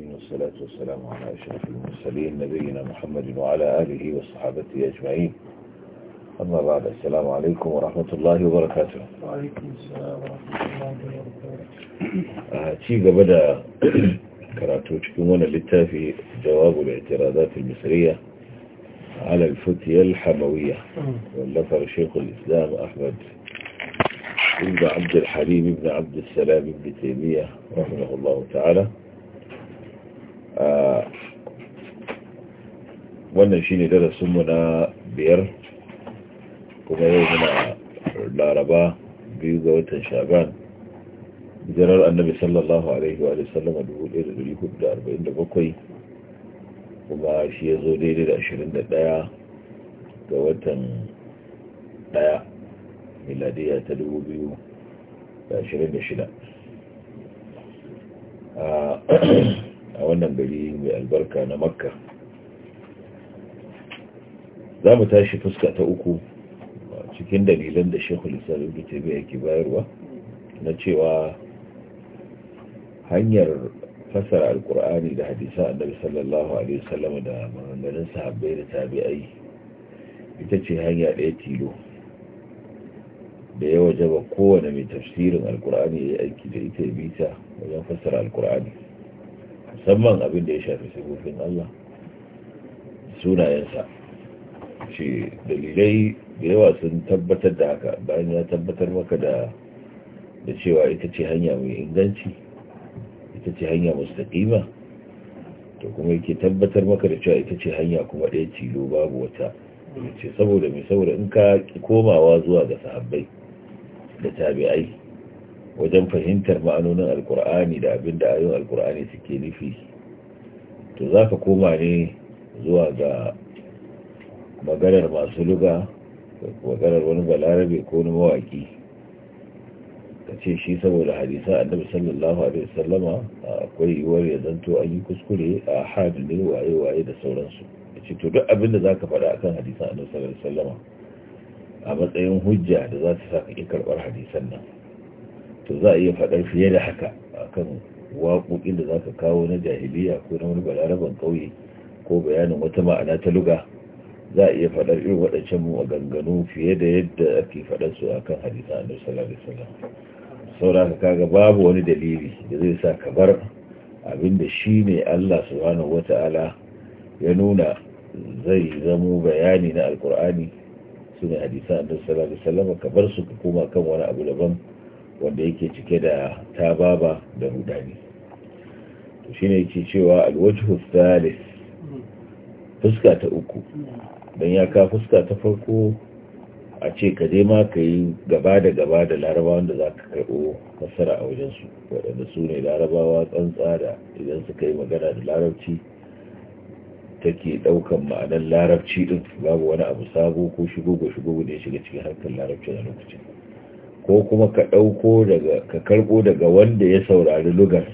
العالمين والصلاة والسلام على أشرف المرسلين نبينا محمد وعلى آله وصحابته أجمعين أما بعد السلام عليكم ورحمة الله وبركاته وعليكم السلام ورحمة الله وبركاته آه، بدأ كراتو تكون للتافي جواب الاعتراضات المصرية على الفتية الحموية واللفر شيخ الإسلام أحمد ابن عبد الحليم بن عبد السلام بن تيمية رحمه الله تعالى wannan shine darasinmu na biyar kuma yau muna laraba biyu ga watan shaban jirar annabi sallallahu alaihi wa sallam a 1447 kuma shi ya zo daidai da 21 ga watan 1 miladiya ta 2026 a wannan gari mai albarka na makka za mu tashi fuska ta uku cikin dalilan da shekul islam ibn tabi'a yake bayarwa na cewa hanyar fasara alkur'ani da hadisa annabi sallallahu alaihi wasallam da maganganun sahabbai da tabi'ai ita ce hanya ɗaya tilo da ya wajaba kowane mai tafsirin alkur'ani ya yi aiki da ita ya bita wajen fasara alkur'ani musamman abin da ya shafi sigofin Allah sunayensa shi dalilai da yawa sun tabbatar da haka bayan ya tabbatar maka da da cewa ita ce hanya mai inganci ita ce hanya mustaƙima to kuma yake tabbatar maka da cewa ita ce hanya kuma ɗaya tilo babu wata ce saboda mai saboda in ka komawa zuwa ga sahabbai da tabi'ai wajen fahimtar ma'anonin alkur'ani da abin da ayoyin alkur'ani suke nufi to za ka koma ne zuwa ga maganar masu luga maganar wani balarabe ko wani mawaki ka ce shi saboda hadisa annabi sallallahu alaihi wasallama akwai yiwuwar ya zanto an yi kuskure a hadu ne waye-waye da sauransu ya ce to duk abin da za ka faɗa akan hadisan annabi sallallahu alaihi wasallama a matsayin hujja da za ta sa ka ƙi karɓar hadisan nan to za a iya faɗar fiye da haka a kan waƙoƙin da za ka kawo na jahiliya ko na wani balaraban ƙauye ko bayanin wata ma'ana ta luga za a iya faɗar irin waɗancan a ganganu fiye da yadda ake faɗar su akan hadisa a sallallahu alaihi wasallam ka kaga babu wani dalili da zai sa ka bar abinda ne Allah subhanahu wata'ala ya nuna zai zamo bayani na alkur'ani su ne hadisa a sallallahu alaihi wasallam ka bar su ka koma kan wani abu daban wanda yake cike da tababa da rudani to shine yake cewa alwajhu thalith fuska ta uku dan ya ka fuska ta farko a ce ka je ma ka yi gaba da gaba da laraba wanda za ka karɓo fassara a wajen su. waɗanda su ne larabawa tsantsa da idan suka yi magana da larabci take ɗaukan ma'anar larabci ɗin babu wani abu sabo ko shigogo shigogo da ya shiga cikin harkar larabci a lokacin ko kuma ka dauko daga ka karbo daga wanda ya saurari lugar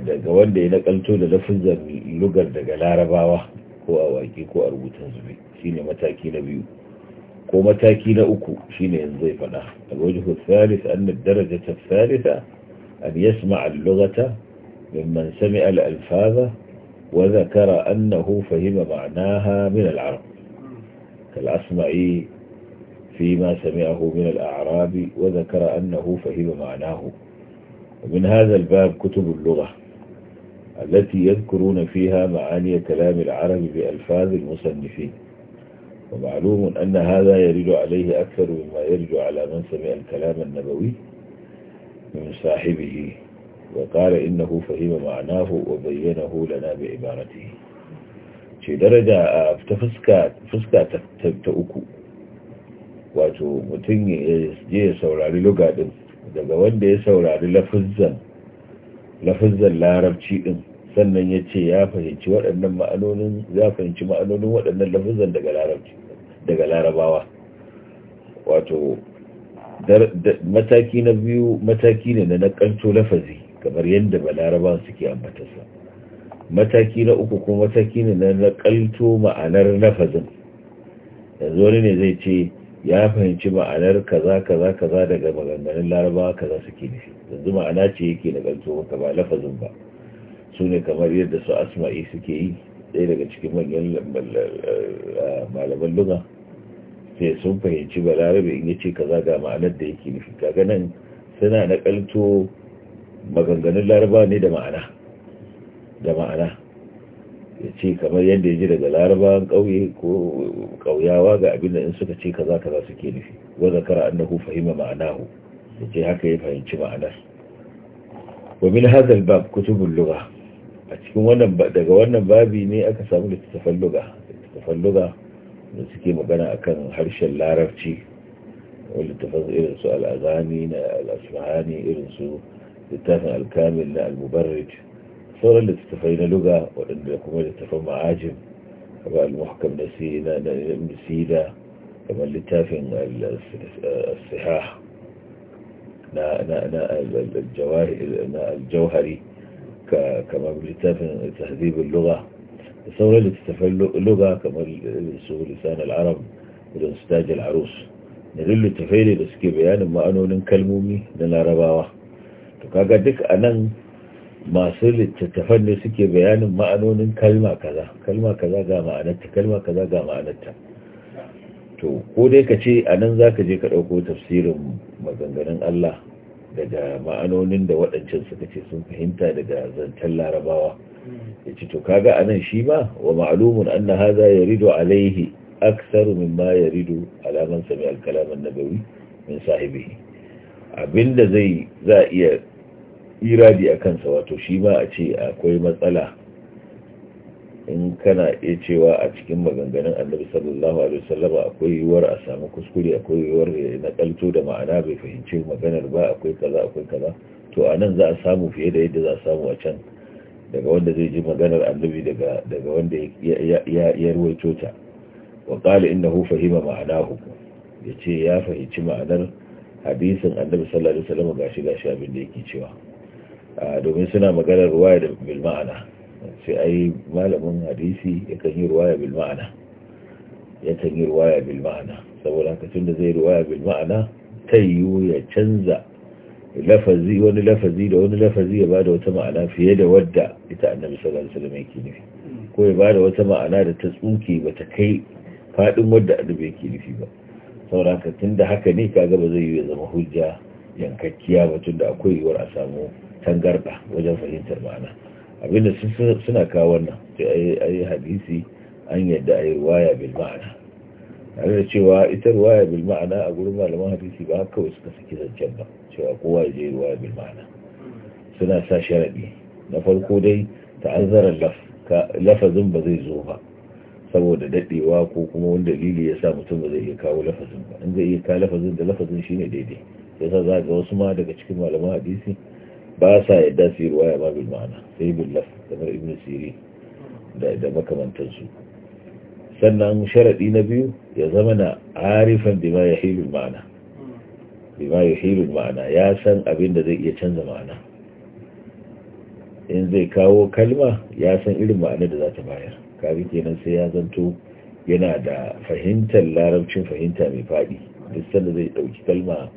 daga wanda ya nakalto da lafizar lugar daga larabawa ko a waki ko a rubutun zubi shine mataki na biyu ko mataki na uku shine yanzu zai fada alwajhu thalith anna ad-darajata thalitha an yasma al-lughata mimman sami'a al-alfaza wa dhakara annahu fahima ma'naha min al-arab kal-asma'i فيما سمعه من الأعراب وذكر أنه فهم معناه ومن هذا الباب كتب اللغة التي يذكرون فيها معاني كلام العرب بألفاظ المصنفين ومعلوم أن هذا يرد عليه أكثر مما يرد على من سمع الكلام النبوي من صاحبه وقال إنه فهم معناه وبينه لنا بعبارته شي درجة آه، فسكات تأكو wato mutum ya saurari lugadin daga wanda ya saurari lafizan larabci din sannan ya ce ya fahimci waɗannan ma'anonin ya fahimci ma'anonin waɗannan lafizan daga larabawa wato mataki na biyu mataki ne na nakanto lafazi kamar yadda larabawa suke ambatarsa mataki na uku kuma mataki ne na nakanto ma'anar lafazin yanzu wani ne zai ce ya fahimci ma'anar kaza kaza kaza daga maganganun larabawa kaza suke nufi yanzu ma'ana ce yake da kanto maka ba lafazin ba su ne kamar yadda su asma'i suke yi ɗaya daga cikin manyan eh, malaman luga sai sun fahimci ba larabe in yace kaza ga ma'anar da yake nufi kaga nan suna naƙalto maganganun larabawa ne da ma'ana da ma'ana ya ce kamar yadda ya ji daga larabawan ƙauye ko ƙauyawa ga abin da in suka ce kaza kaza suke nufi wa zakara annahu fahima ma'anahu ya ce haka ya fahimci ma'anar wa min hadha bab kutubul lugha a cikin wannan daga wannan babi ne aka samu littattafan lugha littattafan lugha da suke magana akan harshen larabci littattafan irin su al-azani na al-asmahani irin su littafin al-kamil na al sauran littattafai na luga waɗanda kuma littattafan ma'ajin kamar al-muhkam na sida kamar littafin al-sihah na al-jawhari kamar littafin tahdibin luga da sauran littattafan luga kamar su lisan al-arab da staj al-arus da littattafai ne da suke bayanin ma'anonin kalmomi na larabawa to kaga duk a nan masu littattafan ne suke bayanin ma'anonin kalma kaza kalma kaza ga ma'anarta kalma kaza ga ma'anarta to ko dai ka ce a nan za ka je ka ɗauko tafsirin maganganun Allah daga ma'anonin da waɗancan suka ce sun fahimta daga zantar larabawa ya ce to kaga a nan shi ma wa ma'alumun an na haza ya rido alaihi aksaru min ma ya rido alaman sami alkalaman nabawi min sahibihi abinda zai za a iya iradi a kansa wato shi ma a ce akwai matsala in kana iya cewa a cikin maganganun annabi sallallahu alaihi wasallam akwai yiwuwar a samu kuskure akwai yiwuwar na kalto da ma'ana bai fahimci maganar ba akwai kaza akwai kaza to a nan za a samu fiye da yadda za a samu a can daga wanda zai ji maganar annabi daga daga wanda ya ruwaito ta wa qala innahu fahima ma'anahu yace ya fahimci ma'anar hadisin annabi sallallahu alaihi wasallam gashi gashi abin da yake cewa domin suna maganar ruwaya da bilma'ana sai sai yi malamin hadisi kan yi ruwaya bilma'ana ya kan yi ruwaya bilma'ana saboda haka da zai ruwaya bilma'ana ta yiwu ya canza lafazi wani lafazi da wani lafazi ya bada wata ma'ana fiye da wadda ita annabi sallallahu alaihi wasallam yake nufi ko ya bada wata ma'ana da ta tsuke ba ta kai fadin wadda annabi yake nufi ba saboda haka tunda haka ne kaga ba zai yi ya zama hujja yankakkiya ba tunda akwai yiwuwar a samu tangarda wajen fahimtar ma'ana abinda suna kawo wannan sai a yi hadisi an yadda a yi waya bil ma'ana tare da cewa ita ruwaya bil ma'ana a gurin malaman hadisi ba haka wasu suka saki zancen ba cewa kowa ya je ruwaya bil ma'ana suna sa sharaɗi na farko dai ta'azzarar lafazin ba zai zo ba saboda daɗewa ko kuma wani dalili ya sa mutum ba zai iya kawo lafazin ba in zai iya kawo lafazin da lafazin shine daidai yasa za ga wasu ma daga cikin malaman hadisi ba sa yadda su yi ruwaya ba bil ma'ana sai bil laf kamar ibn siri da da makamantansu sannan sharaɗi na biyu ya zama na arifan bima yahilu ma'ana bima ma'ana ya san abin da zai iya canza ma'ana in zai kawo kalma ya san irin ma'ana da za ta bayar kafin kenan sai ya zanto yana da fahimtar larabcin fahimta mai faɗi duk sanda zai ɗauki kalma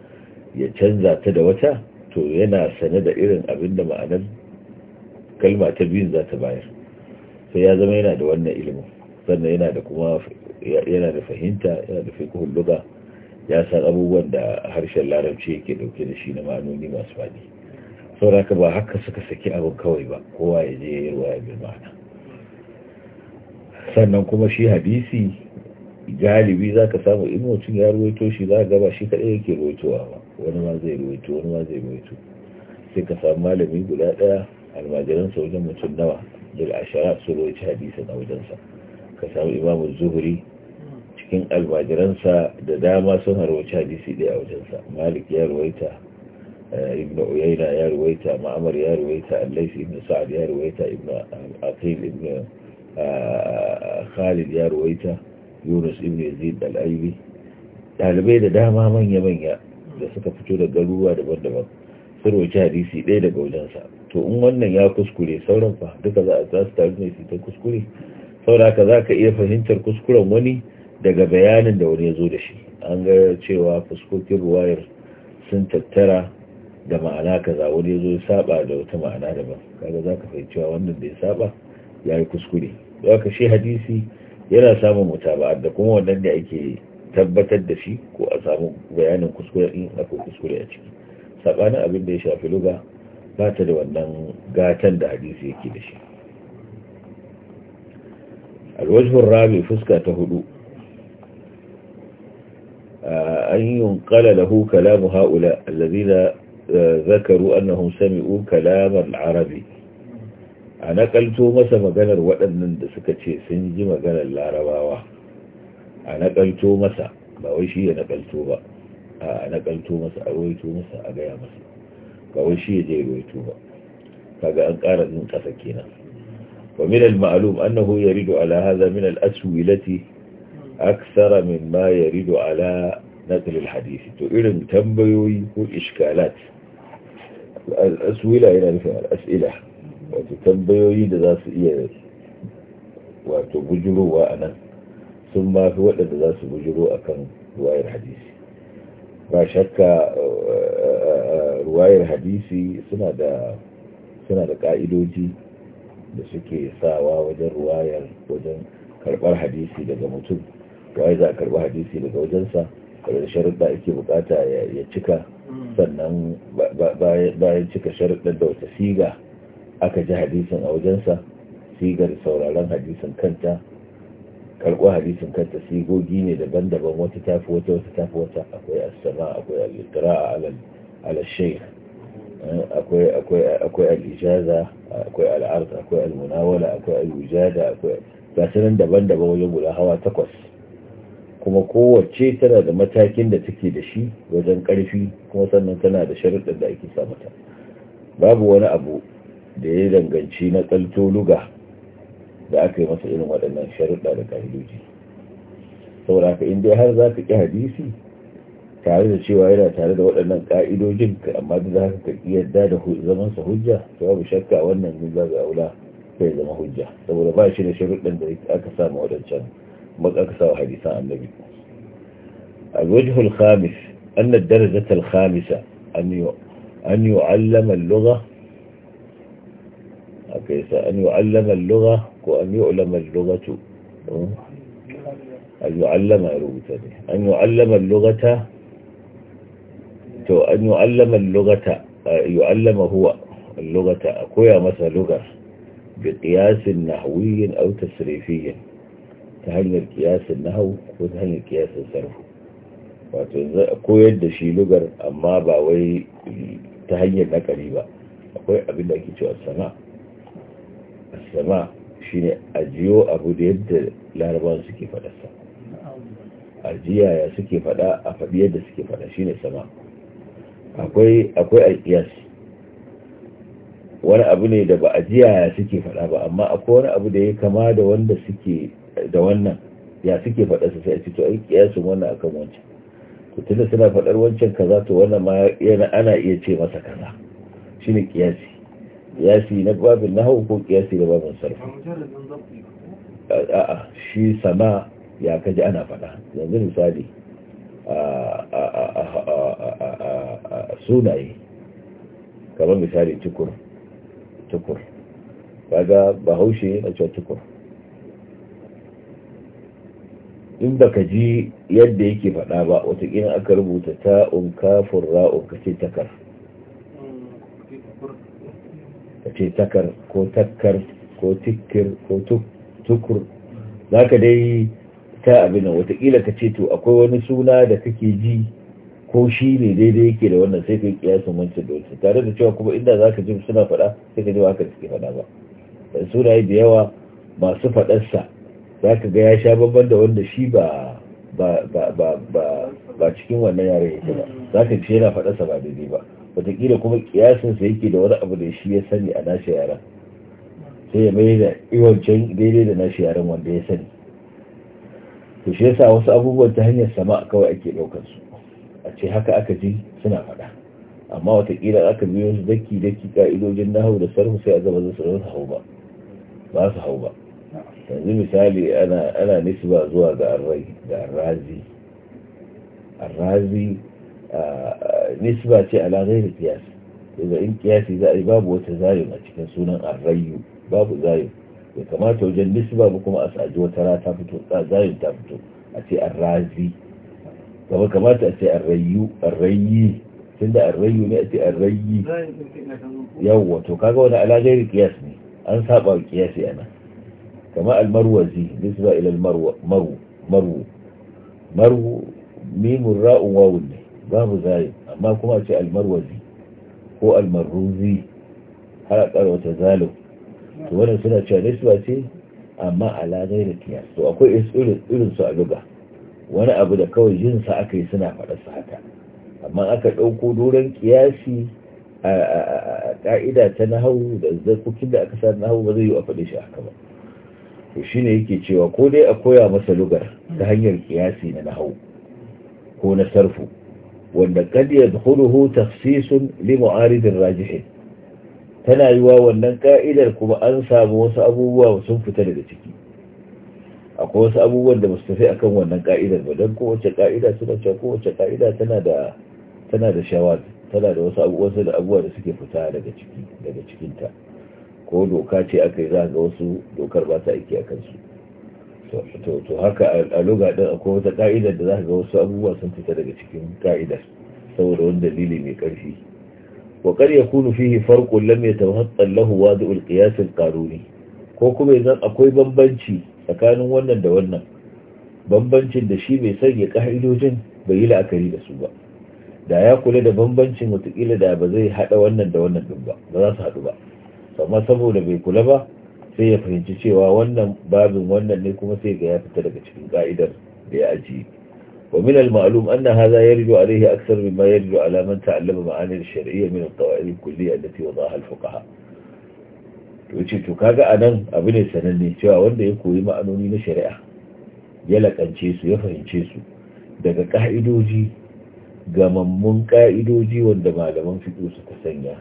ya canza ta da wata to yana sane da irin abin da ma'anar kalma ta biyun za ta bayar sai ya zama yana da wannan ilimin sannan yana da kuma yana da fahimta yana da fiqhul lugha ya san abubuwan da harshen larabci yake dauke da shi na ma'anoni masu fadi sauraka ba haka suka saki abin kawai ba kowa ya je ya ya bi ma'ana sannan kuma shi hadisi galibi za ka samu in mutum ya ruwaito shi za ka gaba shi kaɗai yake ruwaitowa ba wani ma zai ruwaito wani ma zai ruwaito sai ka samu malami guda ɗaya almajiransa wajen mutum nawa daga ashara su ruwaici hadisan a wajensa ka samu imamu Zuhri cikin almajiransa da dama sun harwaci hadisi ɗaya a wajensa malik ya ruwaita eh, ibn uyaina ya ruwaita ma'amar ya ruwaita allais ibn sa'ad ya ruwaita ibn eh, aqil ibn eh, khalid ya ruwaita yunus ibn yazid al aybi dalibai da dama manya-manya da suka fito da garuruwa daban-daban sun roci hadisi ɗaya daga wajensa to in wannan ya kuskure sauran fa duka za a za su taru ne su ta kuskure sauraka za ka iya fahimtar kuskuren wani daga bayanin da wani ya zo da shi an ga cewa fuskokin ruwayar sun tattara da ma'ana kaza wani ya zo ya saba da wata ma'ana daban kaga za ka fahimci wannan da ya saba ya yi kuskure don shi hadisi yana samun mutaba'ar da kuma wannan da ake tabbatar da shi ko a samu bayanin kuskure in akwai kuskure a ciki sabanin abin da ya shafi luga ba ta da wannan gatan da hadisi yake da shi alwajhur rabi fuska ta hudu ah, an yunqala lahu kalamu haula alladhina ah, zakaru annahum sami'u Kalamar Larabi a nakalto masa maganar waɗannan da suka ce sun ji maganar larabawa a nakalto masa ba wai shi ya nakalto ba a nakalto masa a roito masa a gaya masa ba wai shi ya je roito ba kaga an ƙara jin ƙasa kenan wa min al-ma'lum annahu yaridu ala hadha min al-aswilati akthara mimma yaridu ala naql al-hadith to irin tambayoyi ko iskalat al-aswila yana nufin al-as'ila wato tambayoyi da za su iya wato bujurowa a nan sun ba fi waɗanda za su bujiro a kan ruwayar hadisi ba shakka eh, eh, ruwayar hadisi suna da ƙa'idoji da suke sawa wajen ruwayar wajen karɓar hadisi daga mutum waye za a karɓi hadisi daga wajensa da sharuɗa ake bukata ya cika sannan bayan cika sharuɗar da wata siga aka ji hadisin a wajensa sigar sauraron hadisin kanta karɓo hadisin kanta sigogi ne daban-daban wata tafi wata wata tafi wata akwai asama akwai al'itira a alashai akwai al'ijaza akwai al'arta akwai al'munawala akwai al'ujada akwai gasunan daban-daban wajen guda hawa takwas kuma kowace tana da matakin da take da shi wajen ƙarfi kuma sannan tana da sharuɗin da ake samuta babu wani abu da ya danganci na tsalto luga da aka yi masa irin waɗannan sharuɗa da ƙa'idoji saboda haka in dai har za ka ƙi hadisi tare da cewa yana tare da waɗannan ƙa'idojin amma da za ka ƙi yadda da zamansa hujja to babu shakka wannan min za ga aula sai zama hujja saboda ba shi da sharuɗan da aka samu waɗancan ba aka samu hadisan annabi الوجه الخامس أن Khamisa, an أن يعلم اللغة aka yi sa an yu'allama lugha ko an yu'lama lughatu hmm? an yu'allama rubuta ne an yu'allama lughata to an yu'allama lughata yu'allama huwa lughata a koya masa lugar bi qiyasin nahwiyyin aw tasrifiyyin ta hanyar qiyasin nahwu ko ta hanyar qiyasin sarfu wato koyar da shi lugar amma ba wai ta hanyar nakari ba akwai abin da ake cewa sana'a asama shine ajiyo abu da yadda larabawan suke fada sa ajiya ya suke faɗa a faɗi yadda suke faɗa shine sama akwai alƙiyas wani abu ne da ba ajiya ya suke faɗa ba amma akwai wani abu da ya kama da wanda suke da wannan ya suke fada su sai a alƙiyasun to wannan akan wancan to tunda suna faɗar wancan kaza to wannan ma ana iya ce masa kaza ne kiyasi kiyasi na babin nahau ko kiyasi na babin sarfi a'a shi sama ya kaji ana faɗa yanzu misali a sunaye kamar misali tukur tukur bahaushe na cewa tukur in baka ji yadda yake faɗa ba watakila aka rubuta ta'un kafin ra'un kace takar ce takar ko takkar ko tikkir ko tukur za ka dai ta abin nan watakila ka ce to akwai wani suna da kake ji ko shi ne daidai yake da wannan sai ka yi kiyasin wancan da wancan tare da cewa kuma inda za ka ji suna faɗa sai ka ji ba ka suke faɗa ba da yi da yawa masu faɗarsa za ka ga ya sha babban da wanda shi ba ba ba ba cikin wannan yare yake ba za ka ce yana faɗarsa ba daidai ba wataƙila kuma kiyasinsa yake da wani abu da shi ya sani a nashi yaran sai ya mai da iwancan daidai da nashi yaran wanda ya sani to shi yasa wasu abubuwan ta hanyar sama kawai ake ɗaukar su a ce haka aka ji suna faɗa amma wataƙila aka biyo su daki daki ka'idojin nahu da sarhu sai a gaba za su hau ba ba su hau ba yanzu misali ana nisba zuwa ga da arrazi arrazi nisba ce ala ghairi qiyas yanzu in qiyasi za a babu wata zayin a cikin sunan arrayu babu zayin. ya kamata wajen nisba ba kuma a saji wata ra ta fito zayin ta fito a ce arrazi kama kamata a ce arrayu arrayi tun da arrayu ne a ce arrayi yawwa to kaga wani ala ghairi qiyas ne an saba wa qiyasi ana kama almarwazi nisba ila almarwa maru maru maru mimun ra'un wawun ne babu zai amma kuma ce almarwazi ko almarruzi har a wata zalo to wannan suna cewa nisba ce amma ala da kiyas to akwai irin a luga wani abu da kawai yinsa aka yi suna faɗa su haka amma aka ɗauko doron kiyasi a ƙa'ida ta nahau da zarkokin da aka sa nahau ba zai yi a faɗe shi haka ba to shi yake cewa ko dai a koya masa lugar ta hanyar kiyasi na nahau ko na sarfu wanda kad yadkhuluhu tafsisun li mu'aridin rajihin tana yiwa wannan ka'idar kuma an samu wasu abubuwa sun fita daga ciki akwai wasu abubuwan da ba tafi akan wannan ka'idar ba don kowace ka'ida suna cewa kowace ka'ida tana da tana da shawar tana da wasu abubuwa da abubuwa da suke fita daga ciki daga cikinta ko doka ce aka yi za ga wasu dokar ba ta aiki a kansu to haka a loga din akwai wata ka'idar da za ga wasu abubuwa sun fita daga cikin ka'idar saboda wani dalili mai ƙarfi wa kar ya kunu fihi farqun lam ta lahu wadu qiyas al ko kuma idan akwai bambanci tsakanin wannan da wannan bambancin da shi bai sanya ka'idojin bai yi la'akari da su ba da ya kula da bambancin wataƙila da ba zai hada wannan da wannan din ba ba za su haɗu ba amma saboda bai kula ba sai ya fahimci cewa wannan babin wannan ne kuma sai ga ya fita daga cikin ka'idar da ya ajiye wa min al-ma'lum anna hadha yarju alayhi akthar mimma yarju ala man ta'allama ma'ani al-shar'iyya min al-qawa'id al-kulliyya allati wadaha al-fuqaha to ce to kaga anan abu ne sananne cewa wanda ya koyi ma'anoni na shari'a ya lakance su ya fahimce su daga ka'idoji gamammun ka'idoji wanda malaman fiƙo suka sanya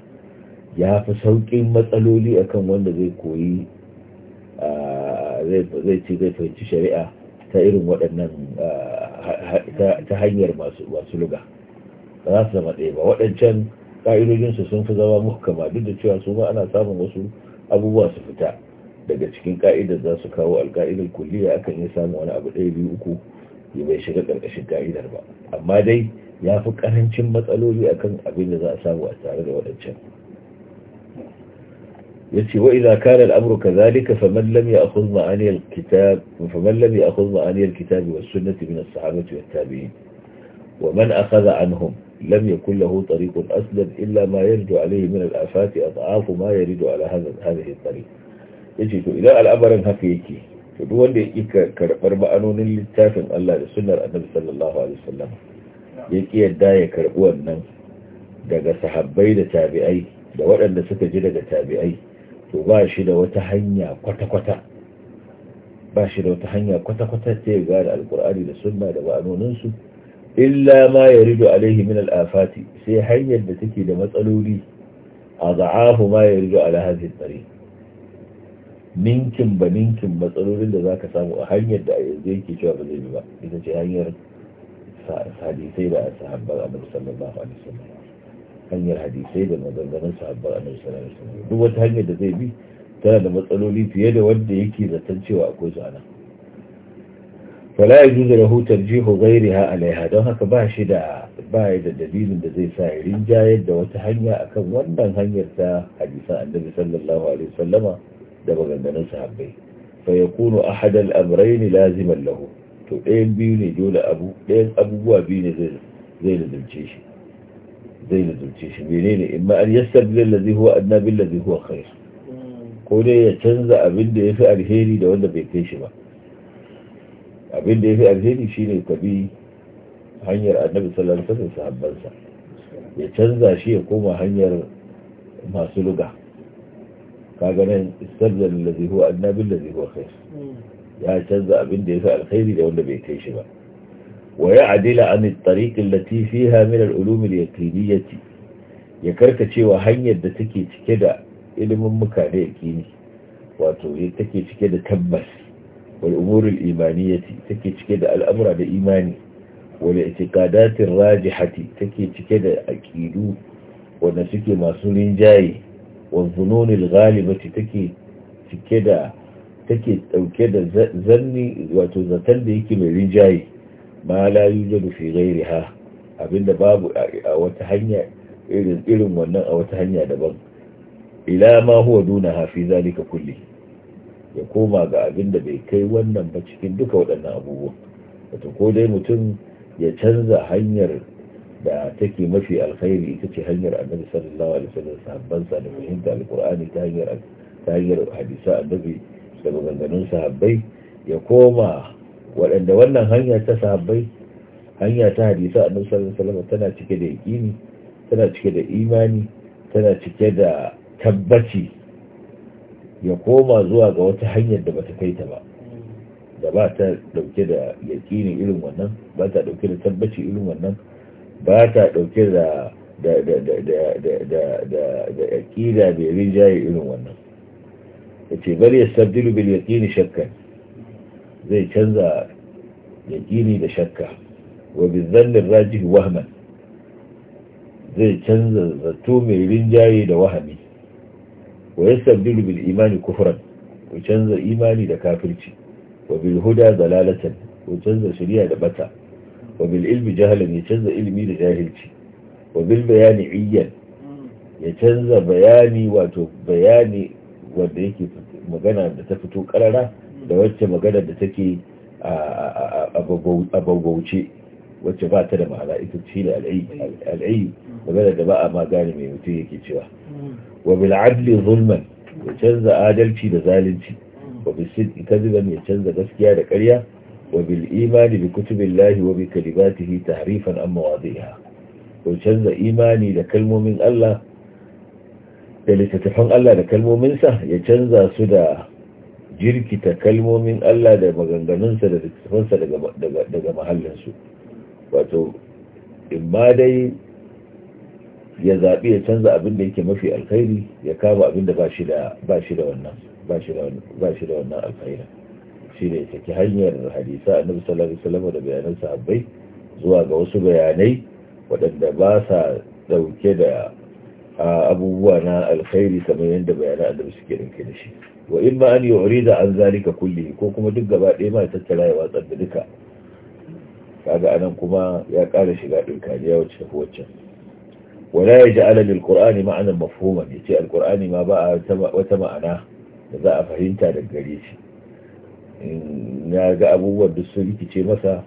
ya fi sauƙin matsaloli akan wanda zai koyi zai ci zai fahimci shari'a ta irin waɗannan ta hanyar masu luga ba za su zama ɗaya ba waɗancan ƙa'idojinsu sun fi zama muhkama duk da cewa su ma ana samun wasu abubuwa su fita daga cikin ƙa'idar za su kawo alƙa'idar kulliya akan iya samun wani abu ɗaya biyu uku ya bai shiga ƙarƙashin ƙa'idar ba amma dai ya fi ƙarancin matsaloli akan abin da za a samu a tare da waɗancan yace wa idza kana al-amru kadhalika faman lam ya'khudh ma'ani al-kitab faman lam ya'khudh ma'ani al-kitab was sunnati min as-sahabati wat tabi'in wa man akhadha anhum lam yakun lahu tariqun aslan illa ma yarju alayhi min al-afati ad'afu ma yaridu ala hadha hadhihi at-tariq yace to idan al'amarin haka yake to duk wanda yake karbar ma'anonin littafin Allah da sunnar Annabi sallallahu alaihi wasallam yake yadda ya karbi wannan daga sahabbai da tabi'ai da waɗanda suka ji daga tabi'ai to ba shi da wata hanya kwata-kwata ba shi da wata hanya kwata-kwata ta yi gada alkur'ani da sunna da ba'anoninsu illa ma ya rido alaihi min al'afati sai hanyar da take da matsaloli a za'ahu ma ya rido ala tsari ninkin ba ninkin matsalolin da za ka samu a hanyar da a yanzu yake cewa ba zai bi ba ita ce hanyar hadisai da sahabban annabi sallallahu alaihi wasallam hanyar hadisai da maganganun sahabban annabi sallallahu alaihi wasallam duk wata hanyar da zai bi tana da matsaloli fiye da wanda yake zaton cewa akwai su anan fala yajuzu lahu tarjihu ghayriha alaiha don haka ba shi da ba ya da dalilin da zai sa ya rinjayar da wata hanya akan wannan hanyar ta hadisan annabi sallallahu alaihi wasallama da maganganun sahabbai fa yakunu ahad al-amrayn laziman lahu to ɗayan biyu ne dole abu ɗayan abubuwa biyu ne zai zai lalace shi zai lazumce shi menene in yasta da billazi huwa adna billazi huwa khair ko dai ya canza abin da yafi alheri da wanda bai kai shi ba abin da yafi alheri ne ka bi hanyar annabi sallallahu alaihi wasallam sahabbansa ya canza shi ya koma hanyar masu luga kaga nan da allazi huwa adna billazi huwa khair ya canza abin da yafi alheri da wanda bai kai shi ba ويعدل عن الطريق التي فيها من العلوم اليقينية يكركتي وهنية تكي تكدا علم مكان يقيني واتو تكي تكدا تبس والأمور الإيمانية تكي تكدا الأمر الإيماني والاعتقادات الراجحة تكي تكدا أكيدو ونسكي ماسولين جاي والظنون الغالبة تكي تكدا تكي أو كدا زني واتو زتن بيكي من رجاي ma la yujadu fi ghairiha abinda babu a wata hanya irin irin wannan a wata hanya daban ila ma huwa dunaha fi zalika kulli ya koma ga abinda bai kai wannan ba cikin duka waɗannan abubuwa wato ko dai mutum ya canza hanyar da take mafi alkhairi ita ce hanyar annabi sallallahu alaihi wasallam sahabban sa da fahimta alqur'ani ta hanyar ta hanyar hadisa annabi da maganganun sahabbai ya koma waɗanda wannan hanya ta sahabbai hanya ta hadisa a nusar salama tana cike da yaƙini tana cike da imani tana cike da tabbaci ya koma zuwa ga wata hanyar da bata kai ta ba da ba ta ɗauke da yaƙini irin wannan ba ta ɗauke da tabbaci irin wannan ba ta ɗauke da da aƙida bai rinjaye irin wannan ya ce bari ya sabdilu bil yaƙini shakkan zai canza yaƙini da shakka wa bizallin rajih wahman zai canza zato mai rinjaye da wahami wa yastabdilu bil imani kufran ku canza imani da kafirci wa bil huda dalalatan ku canza shari'a da bata wa bil ilmi jahalan ya canza ilmi da jahilci wa bil bayani iyyan ya canza bayani wato bayani wanda yake magana da ta fito ƙarara. da wacce magana da take a baubauce wacce ba ta da ma'ana ita ce da al'ayi magana da ba a ma gane mai mutum yake cewa wa bil adli zulman ya canza adalci da zalunci wa bil sidqi ya canza gaskiya da ƙarya wa bil imani bi kutubillahi wa bi kalimatihi tahrifan amma wadiha ya canza imani da kalmomin Allah da littattafan Allah da kalmominsa ya canza su da jirkita kalmomin Allah da maganganunsa da littafansa daga mahallinsu wato imma dai ya zaɓi ya canza abin da yake mafi alkhairi ya kama abin da ba shi da wannan alkhairi shi ne take hanyar hadisa a nufi salari salama da bayanan sahabbai zuwa ga wasu bayanai waɗanda ba sa ɗauke da abubuwa na alkhairi kamar yadda bayanan annabi suke rinke da shi wa in ma an da an zalika kulli ko kuma duk gaba ɗaya ma tattara ya watsar da duka kaga anan kuma ya ƙara shiga dinkaniya wacce ta wacce wala yaj'ala lil qur'ani ma'ana mafhuma ne ce qur'ani ma ba wata ma'ana da za a fahimta daga gare shi ya ga abubuwan da sun rikice masa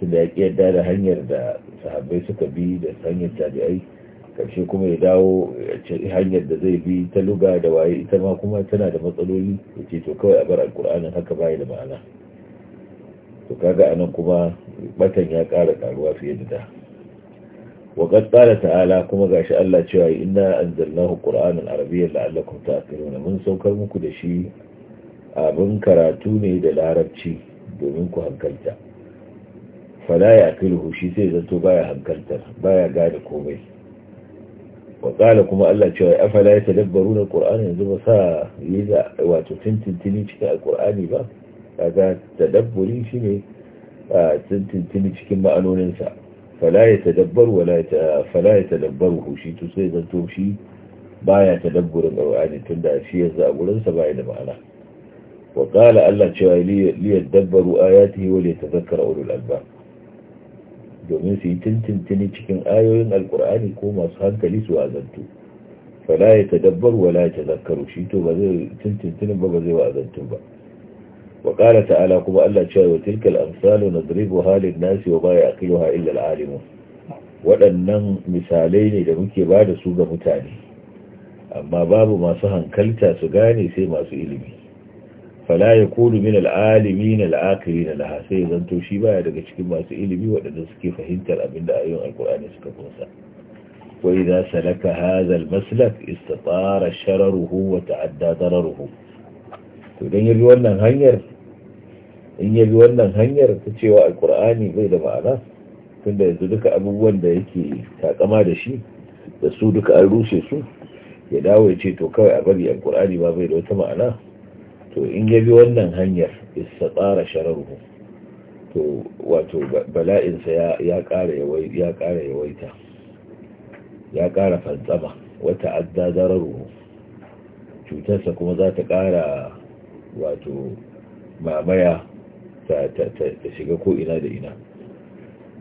tunda ya yadda da hanyar da sahabbai suka bi da hanyar tabi'ai karshe kuma ya dawo hanyar da zai bi ta luga da waye ita ma kuma tana da matsaloli ya ce to kawai a bar alkur'ani haka baya da ma'ana to kaga anan kuma batan ya ƙara ƙaruwa fiye da da tsara ta'ala kuma ga shi Allah cewa inna anzalnahu qur'anan arabiyyan la'allakum ta'qiluna mun saukar muku da shi abin karatu ne da larabci domin ku hankalta fala ya'qiluhu shi sai zato baya hankalta baya gane komai wakala kuma Allah cewa afala ya tadabbaru na ƙur'ani yanzu ba sa yi da wato tintintini cikin alƙur'ani ba kaga tadabburi shi ne tintintini cikin ma'anoninsa fala ya tadabbaru wala ya fala ya tadabbaru shi to sai zanto shi baya tadabburin ƙur'ani tunda shi yanzu a gurinsa ya da ma'ana wakala Allah cewa li yadabbaru ayatihi wa li yatadhakkara ulul albab domin su yi tintintini cikin ayoyin alkur'ani ko masu hankali su wazantu fala ya tadabbar wala ta zakaru shi to ba zai tintintinin ba ba zai wazantu ba wa ƙara ta'ala kuma Allah cewa wa tilkal amsalu nadribu halin nasi wa baya a illa al-alimu waɗannan misalai ne da muke ba da su ga mutane amma babu masu hankalta su gane sai masu ilimi fala ya kudu min al'alimi na la'akari na lahasa ya zanto shi baya daga cikin masu ilimi waɗanda suke fahimtar abin da ayoyin alkur'ani suka kunsa Wai za su hadha hazal maslak istatara shararuhu wa ta'adda dararuhu to don yabi wannan hanyar in yabi wannan hanyar ta cewa alkur'ani bai da ma'ana tunda yanzu duka abubuwan da yake takama da shi da su duka an rushe su ya dawo ya ce to kawai a bari alkur'ani ba bai da wata ma'ana to in ya bi wannan hanyar istatsara tsara to wato bala'insa ya ƙara yawaita ya ƙara fantsama wata adda cutarsa kuma za ta ƙara wato mamaya ta shiga ko ina da ina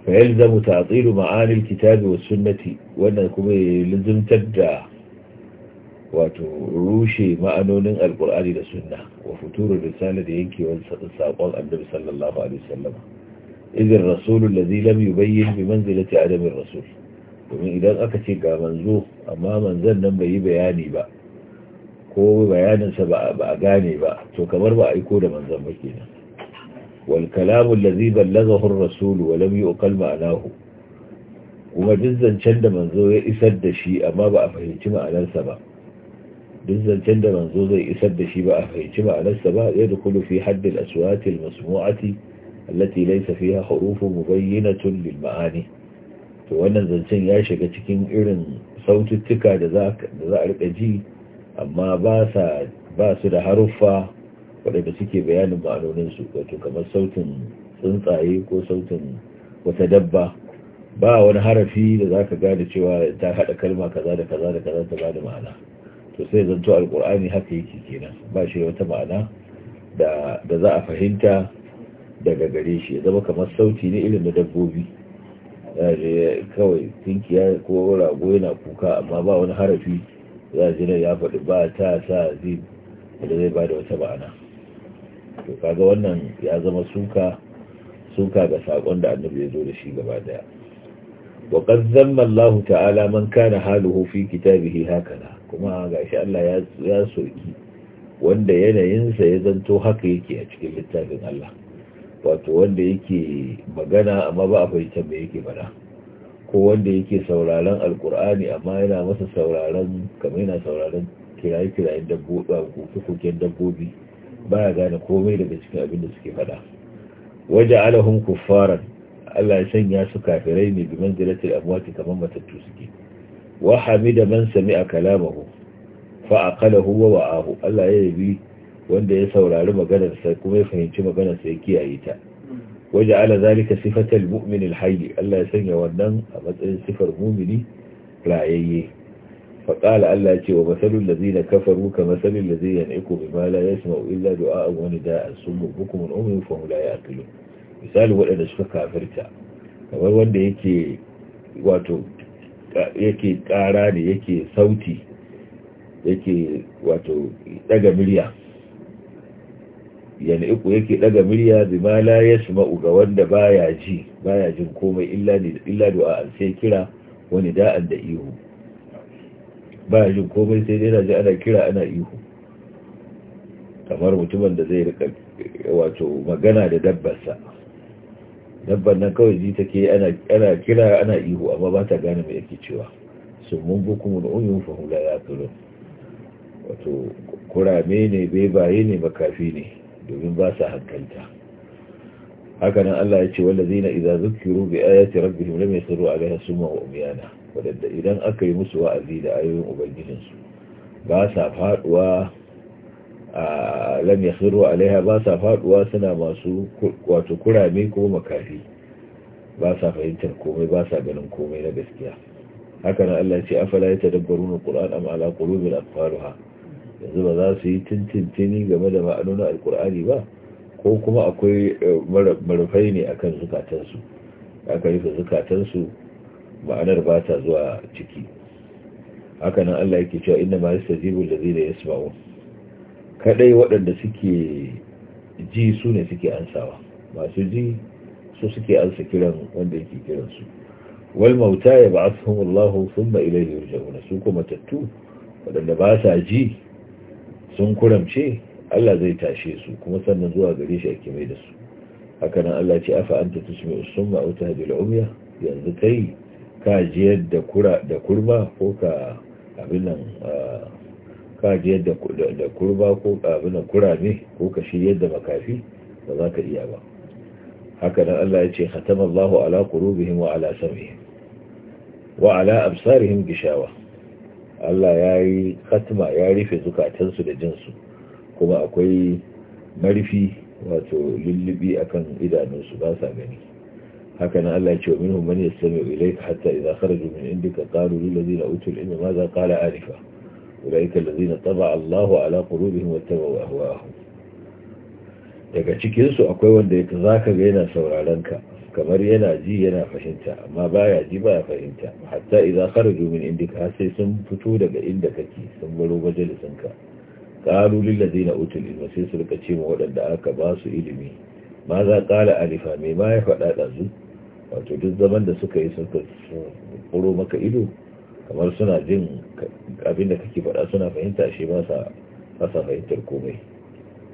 fa yalzamu ta'tilu ma'anil kitabi was sunnati wannan kuma ya lizumtar da wato rushe ma'anonin alkur'ani da sunna wa futurin risala da yankewar saƙon annabi sallallahu alaihi wasallam idan rasulun lazi lam yubayyin bi manzilati adamin rasul domin idan aka ce ga manzo amma manzon nan bai yi bayani ba ko bayaninsa ba a gane ba to kamar ba aiko da manzon ba kenan wal kalamu lazi ballagahu ar-rasul wa lam yuqal ma'anahu kuma duk zancen da manzo ya isar da shi amma ba a fahimci ma'anarsa ba duk zancen da manzo zai isar da shi ba a fahimci ma'anarsa ba ya dukulu fi haddil aswatil masmu'ati allati laysa fiha hurufun mubayyinatun lil ma'ani to wannan zancen ya shiga cikin irin saututtuka da za a rika ji amma ba sa ba su da haruffa wadanda suke bayanin su wato kamar sautin tsuntsaye ko sautin wata dabba ba wani harafi da zaka gane cewa ta haɗa kalma kaza da kaza da kaza ta ba da ma'ana to sai zanto alkur'ani haka yake kenan ba shi wata ma'ana da za a fahimta daga gare shi ya zama kamar sauti ne irin na dabbobi kawai tinkiya ko rago yana kuka amma ba wani harafi za ji nan ya faɗi ba ta sa zin da zai ba da wata ma'ana to kaga wannan ya zama suka suka ga sakon da annabi ya zo da shi gaba daya وقد ذم الله تعالى ta'ala man حاله في كتابه هكذا كما kuma gashi Allah ya soki wanda yanayinsa ya zanto haka yake a cikin littafin Allah wato wanda yake magana amma ba a fahimtar me yake fada ko wanda yake sauraron alkur'ani amma yana masa sauraron kamar yana sauraron kiraye-kirayen dabbobi dabbobi ya gane komai daga cikin abin da suke fada waje alahun kuffaran Allah ya sanya su kafirai ne bi manzilatil amwati kamar matattu suke wa hamida man sami'a kalamahu fa aqalahu wa wa'ahu Allah ya yabi wanda ya saurari maganar sa kuma ya fahimci maganar sa ya kiyaye ta waje ala zalika sifatal mu'min alhayy Allah ya sanya wannan a matsayin sifar mu'mini rayayye fa qala Allah ya ce wa masalul ladzina kafaru ka masalul ladzina yaniku bima la yasma'u illa du'a wa nida'a summu bukum ummi fa la ya'qilun misali waɗanda suka kafirta kamar wanda yake wato yake ƙara ne yake sauti yake wato ɗaga miliya yana iku yake ɗaga miliya bima la shima'u, ga wanda baya ji baya jin komai illa ni illa an sai kira wani da'an da ihu baya jin komai sai dai ji ana kira ana ihu kamar mutumin da zai rika wato magana da dabbarsa dabban nan kawai ji take ana kira ana ihu amma ba ta gane mai yake cewa su mun bukumun unyun fahimla ya turo wato kurame ne bebaye ne makafi ne domin ba sa hankalta hakanan Allah ya ce zai wallazina idza zukiru bi ayati mai lam a gaya summa wa umiyana wadanda idan aka yi musu wa'azi da ayoyin ubangijinsu ba sa faduwa lam yakhiru alaiha ba sa faduwa suna masu wato kurame ko makafi ba sa fahimtar komai ba sa ganin komai na gaskiya haka nan Allah ce afala ya alquran am ala qulubin aqfaluha yanzu ba za su yi tintintini game da ma'anonin alqur'ani ba ko kuma akwai eh, marufai ne akan zukatansu aka rufe zukatansu ma'anar ba ta zuwa ciki haka nan Allah yake cewa inna ma yastajibu allazina yasma'un kadai waɗanda suke ji su ne suke ansawa masu ji su suke ansa kiran wanda yake kiransu wal mauta ya ba asuhun allahu sun ba ilai wani su kuma tattu waɗanda ba sa ji sun kuramce allah zai tashe su kuma sannan zuwa gare shi ake mai da su haka nan allah ce afa anta tusmi usumma aw tahdi da yanzu kai ka jiyar da kurma ko ka abin nan ah, ka jiyar da kurba ko abinan kurame ko ka shiryar da makafi ba za ka iya ba haka nan Allah ya ce khatama Allahu ala qulubihim wa ala sam'ihim wa ala absarihim gishawa Allah ya yi khatma ya rufe zukatansu da jinsu kuma akwai marfi wato lullubi akan idanunsu ba sa gani haka nan Allah ya ce minhum man yastami'u ilayka hatta idha kharaju min indika qalu lil ladina utul ilma madha qala alifa أولئك الذين طبع الله على قلوبهم واتبعوا أهواءهم daga cikinsu akwai wanda ya zaka ga yana saurarenka kamar yana ji yana fahimta amma baya ji baya fahimta hatta idan kharaju min indika har sai sun fito daga inda kake sun baro majalisinka qalu lil ladina utul ilma sai su rika cewa waɗanda aka ba su ilimi ma za qala alifa me ma ya wato duk zaman da suka yi suka kuro maka ido kamar suna jin abinda kake faɗa suna fahimta shi ba sa fahimtar komai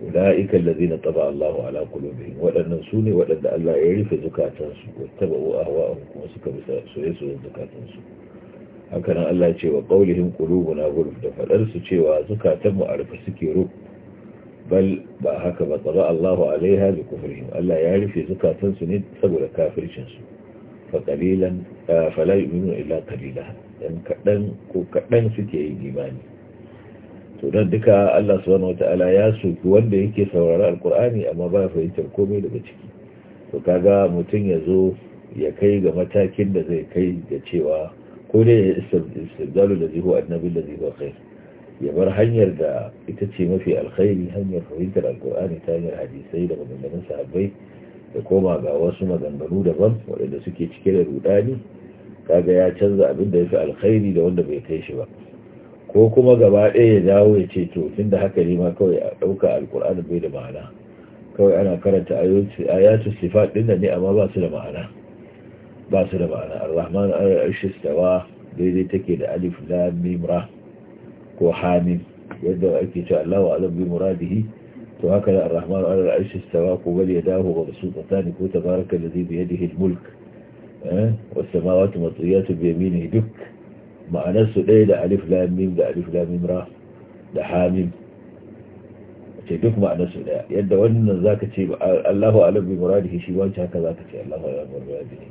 ula'ika na taba Allahu ala qulubihim waɗannan su ne waɗanda Allah ya rufe zukatansu wa a ahwa'ahum kuma suka bi soyayyen zukatansu haka nan Allah ce wa qaulihim qulubuna ghulf da fadar su cewa zukatanmu a rufe suke rub bal ba haka ba taba Allahu alaiha bi kufrihim Allah ya rufe zukatansu ne saboda kafircin su fa qalilan fala yu'minu illa qalilan dan kaɗan ko kaɗan suke yin imani to duka Allah subhanahu wata'ala ya soki wanda yake saurari alkur'ani amma ba ya fahimtar komai daga ciki to kaga mutum ya zo ya kai ga matakin da zai kai ga cewa ko dai ya da zihu annabi da zihu kai ya bar hanyar da ita ce mafi alkhairi hanyar fahimtar alkur'ani ta hanyar hadisai da maganganun sahabbai da koma ga wasu maganganu daban waɗanda suke cike da rudani kaga ya canza abin da ya fi alkhairi da wanda bai kai shi ba ko kuma gaba ɗaya ya dawo ya ce to tun da haka ne ma kawai a ɗauka alkur'ani bai da ma'ana kawai ana karanta ayatu sifa, ɗin da ne amma ba su da ma'ana ba su da ma'ana ar-rahman ar daidai take da alif lam mim ko hamim yadda ake cewa Allahu a'lam bi muradihi to haka da ar-rahman ar-shistawa ko bal yadahu mabsuutatan ko tabaraka alladhi bi yadihi al-mulk Eh? wasu ma wata matsuyatu biyamini duk ma'anarsu ɗaya da alif lamim da alif lamim ra da hamim ce duk ma'anarsu ɗaya yadda wannan za ka ce allahu alam bi muradihi shi wancan haka za ka ce allahu alam bi ne.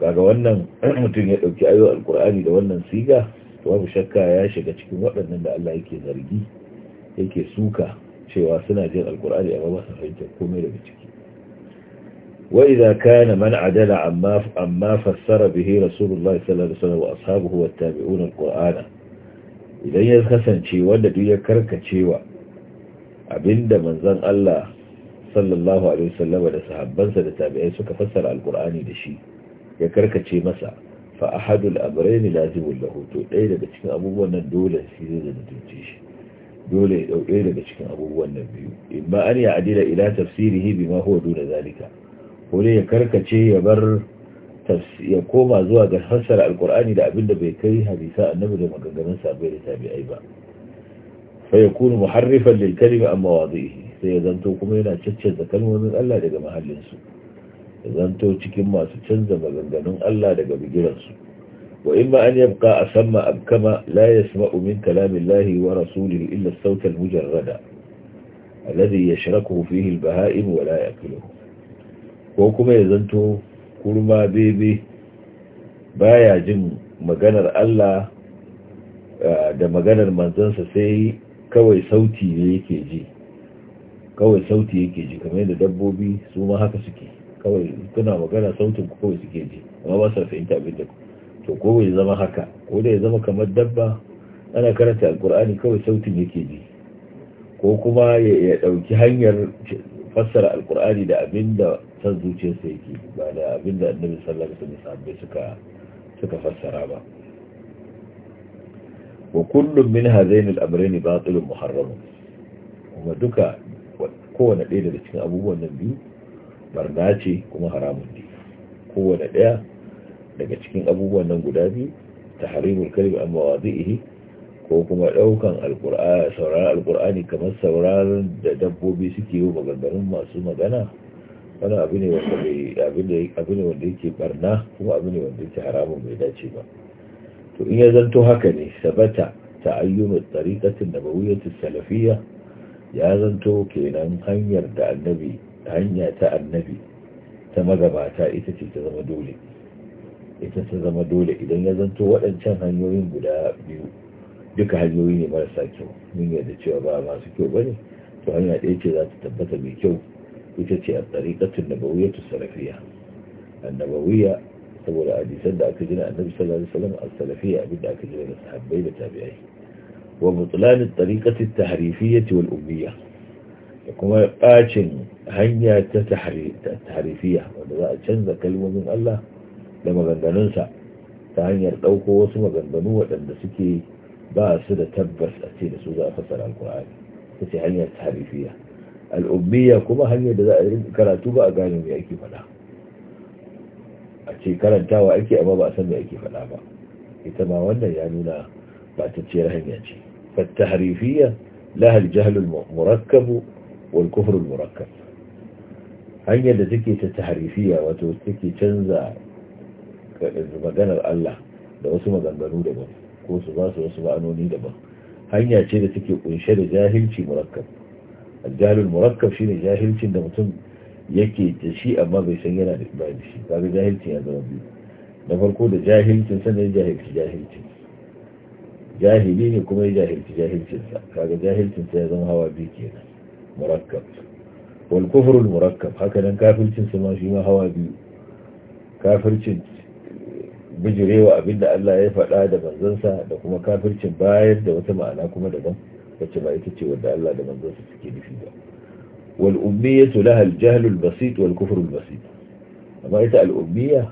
kaga wannan mutum ya ɗauki ayo alkur'ani da wannan siga babu shakka ya shiga cikin waɗannan da allah yake zargi yake suka cewa suna jin alkur'ani amma ba su fahimtar komai daga ciki وإذا كان من عدل عما عما فسر به رسول الله صلى الله عليه وسلم وأصحابه والتابعون القرآن إذا يخسن شيء ولا يكرك شيء abinda manzon Allah sallallahu alaihi wasallam da sahabbansa da tabi'ai suka fassara alqur'ani da shi ya karkace masa fa ahadul amrayn lazimul lahu to ɗaya daga cikin abubuwan nan dole shi zai zuntunce shi dole ya dauke daga cikin abubuwan nan biyu imma an ya adila ila tafsirihi bima huwa zalika Wani ya karkace ya bar ya koma zuwa ga fassara alkur'ani da abinda bai kai hadisa annabi da maganganun sabai da tabi'ai ba fa kunu muharrifan lil kalimi an mawadihi sai ya zanto kuma yana caccanza kalmomin Allah daga mahallin su ya zanto cikin masu canza maganganun Allah daga bigiran su wa in ma an yabqa asamma abkama la yasma'u min kalamillahi wa rasulihi illa as-sawt al-mujarrada alladhi yashrakuhu fihi al-baha'im wa la yaqiluhu ko kuma ya zanto kurma bebe baya jin maganar Allah eh, da maganar manzansa sai kawai sauti ne yake ji kawai sauti yake ji kamar yadda dabbobi su ma haka suke kawai kuna magana sautin ku kawai suke ji amma ba sa fahimta abin da to ko bai zama haka ko da ya zama kamar dabba ana karanta alkur'ani kawai sautin yake ji ko kuma ya dauki hanyar fassara alkur'ani da abin da san zuciyarsa yake ba da abin da annabi sallallahu alaihi wasallam suka suka fassara ba wa kullum min hazain al-amrayn batilun muharram kuma duka kowane ɗaya daga cikin abubuwan nan biyu barna ce kuma haramun ne kowane ɗaya daga cikin abubuwan nan guda biyu tahrimul kalbi an mawadi'ihi ko kuma daukan alƙur'ani sauraron alqur'ani kamar sauraron da dabbobi suke yi wa maganganun masu magana wani abu ne wanda yake barna kuma abu ne wanda yake haramun mai dace ba to in ya zanto haka ne sabata ta ayyunar tsarikatin da bawuyatul salafiya ya zanto kenan hanyar da annabi hanya ta annabi ta magabata ita ce ta zama dole ita ta zama dole idan ya zanto waɗancan hanyoyin guda biyu duka hanyoyi ne marasa kyau mun yadda cewa ba masu kyau bane to hanya ɗaya ce za ta tabbata mai kyau كتتي الطريقة النبوية السلفية النبوية سبول آدي سد أكدنا النبي صلى الله عليه وسلم السلفية أبدا أكدنا لصحابي لتابعي وبطلان الطريقة التحريفية والأمية يقوم آتن هنيا التحريفية ولذا أتشن كلمة من الله لما غند ننسى تهنيا القوق وصم غند نوة عند سكي باسد تبس أتين سوزا أفصل على القرآن تتي التحريفية al'ummiya kuma hanyar da za a rinka karatu ba a gane me ake faɗa a ce karantawa ake amma ba a san me ake faɗa ba ita ma wannan ya nuna ba ta hanya ce fattaharifiyya lahal jahlul murakkabu wal kufrul murakkab hanyar da take ta taharifiya wato take canza maganar Allah da wasu maganganu daban ko su ba su wasu ma'anoni daban hanya ce da take kunshe da jahilci murakkab aljalul murakkab shine jahilcin da mutum yake da shi amma bai san yana da ba da shi kaga jahilcin ya zama biyu na farko da jahilcin ya jahilci jahilcin jahili ne kuma ya jahilci jahilcinsa kaga jahilcinsa ya zama hawa biyu kenan murakkab wal kufrul murakkab haka nan kafircin sa ma shi ma hawa biyu kafircin bijirewa abinda Allah ya faɗa da sa da kuma kafircin bayar da wata ma'ana kuma daban wacce ba ita ce wadda Allah da manzansa suke nufi ba wal ummiyatu laha al jahl al basit wal kufr al basit amma ita al ummiya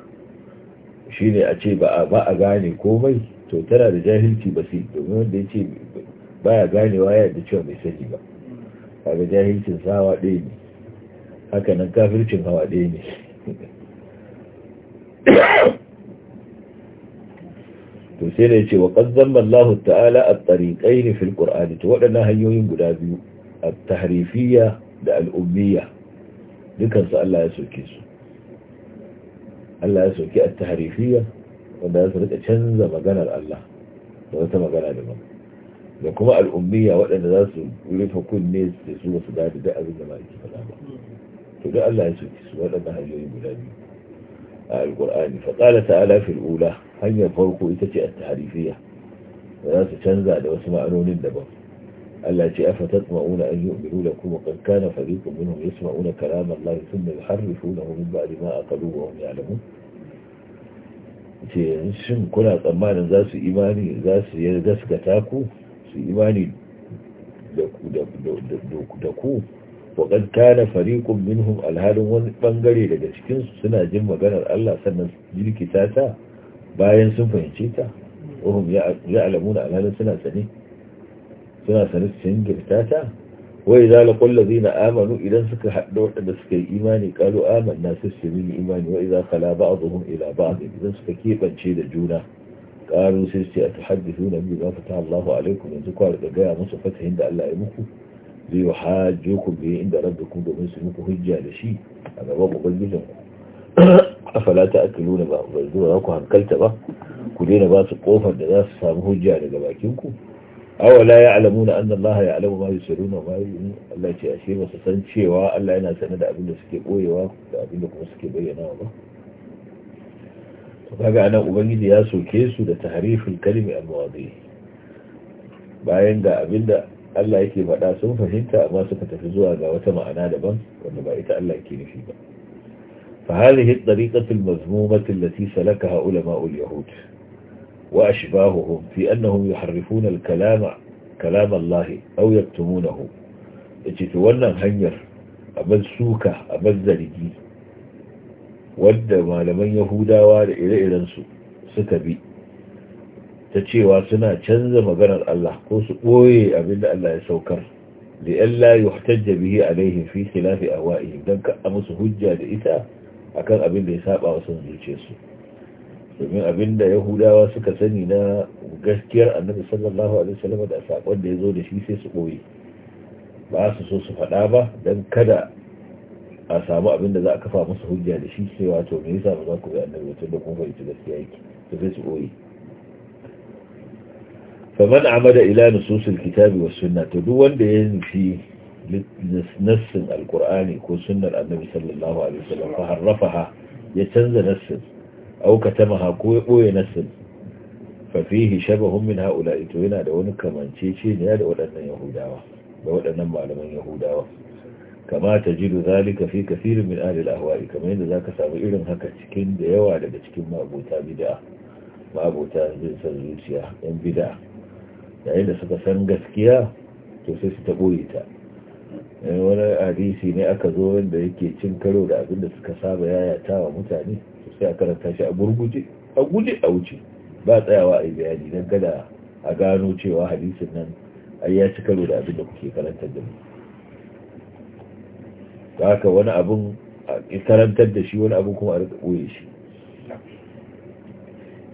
shine a ce ba ba a gane komai to tana da jahilci basit domin wanda yace baya ganewa ya da cewa bai sani ba kaga jahilcin sawa ɗaya ne haka nan kafircin hawa ɗaya ne to sai da yace wa qad zamma Allah ta'ala at-tariqayn fil Qur'an to wadannan hanyoyin guda biyu a taharifiya da al'ummiya ummiyya su Allah ya soke su Allah ya soke a taharifiya wanda za su rika canza maganar Allah da wata magana daban da kuma al'ummiya ummiyya wadanda za su rufe kunne su su da da abin da ba ki faɗa ba to duk Allah ya soke su wadannan hanyoyin guda biyu القرآن فقال تعالى في الأولى هيا فوق إتتي التحريفية فلاس تنزع لو نون النبو التي أفتطمعون أن يؤمنوا لكم وقد كان فريق منهم يسمعون كلام الله ثم يحرفونه من بعد ما أقلوا وهم يعلمون شم كنا طمانا ذا إيماني ذا يدس كتاكو سي إيماني دكو دكو دكو, دكو, دكو, دكو وقد كان فريق منهم الهال وانبغري daga cikin su suna jin maganar Allah sannan jirkita ta bayan sun fahimce ta uhum ya'lamuna alhalin suna sani suna sane su jirkita ta za idza laqul ladina amanu idan suka haɗa wadanda suka yi imani qalu amanna sirrin imani wa idza khala ba'dhum ila ba'd idan suka keɓance da juna sai a qalu sirri atuhaddithuna bima ta Allahu alaikum yanzu ku gaya musu fatahin da Allah ya muku zai yi ku bi inda ku domin su muku hujja da shi a gaban ubangijin afala ta aka na ba ba zuwa ku hankalta ba ku daina ba su kofar da za su samu hujja daga bakin ku awala ya alamu na annan laha ya alamu ma yi na ma yi Allah ce a ba su san cewa Allah yana sanar da abin da suke boyewa da abin da kuma suke bayyanawa ba to kaga anan ubangiji ya soke su da tahrifin kalimi al-mawadi bayan ga abin da Allah yake faɗa sun fahimta amma suka tafi zuwa ga wata ma'ana daban wanda ba ita Allah yake nufi ba fa hadhihi at-tariqatu al-mazmumatu allati salakaha ulama'u al-yahud wa ashbahuhum fi annahum yuharrifuna al-kalama kalam Allah aw yaktumunahu yace to wannan hanyar abin suka abin zargi wanda malaman Yahudawa da ire iren su suka bi ta cewa suna canza maganar Allah ko su ɓoye abinda Allah ya saukar da yalla yuhtajja bihi alaihim fi khilafi awa'i don ka musu hujja da ita akan abin da ya saba wa son su, domin abin da yahudawa suka sani na gaskiyar annabi sallallahu alaihi wasallam da sakon da ya zo da shi sai su ɓoye ba su so su faɗa ba don kada a samu abin da za a kafa musu hujja da shi sai wato me yasa ba za ku ga annabi da kun fahimci gaskiya yake to sai su ɓoye faman amada ila nususul kitabi was ta duk wanda ya nufi nassin alqur'ani ko sunnar annabi sallallahu alaihi wasallam fa harrafaha ya canza nassin aw katamaha ko ya boye nassin fa fihi shabahun min to yana da wani kamancece ne da waɗannan yahudawa da waɗannan malaman yahudawa kama ta jiru zalika fi kafirin min ahli al-ahwa'i kamar yadda zaka samu irin haka cikin da yawa daga cikin ma'abota bid'a san zuciya yan bid'a yayin da suka san gaskiya to sai su ta ɓoye ta eh, wani hadisi ne aka zo wanda yake cin karo da abin da suka saba yayata wa mutane to sai a karanta shi a gurguje a guje a wuce ba tsayawa a yi bayani don kada a gano cewa hadisin nan ai ya ci karo da abin da kuke karantar da mu haka wani abin karantar da shi wani abin kuma a rika ɓoye shi